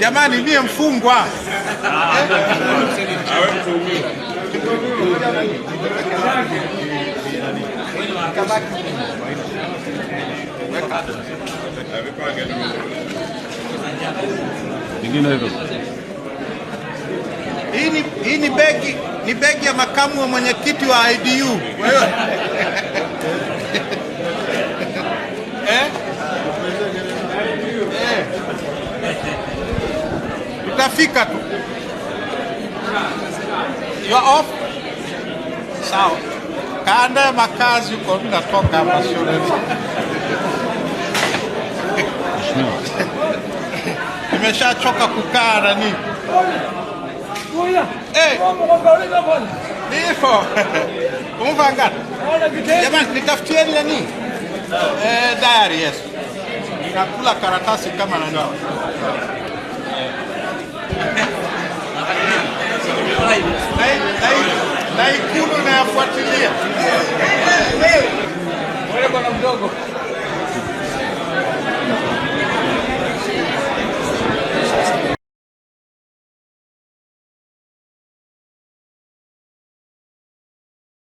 Jamani, mie mfungwa hii ni begi ni begi ya makamu wa mwenyekiti wa IDU. utafika tu. You are off. Sawa, Kaanda ya makazi uko mnatoka hapa sio nimeshachoka kukaa nani eh. Nipo. Umevaa ngapi? Jamani, nitafutieni nani? Eh, diary yes. Nakula karatasi kama nani. na Ikulu nayafuatilia. Bwana mdogo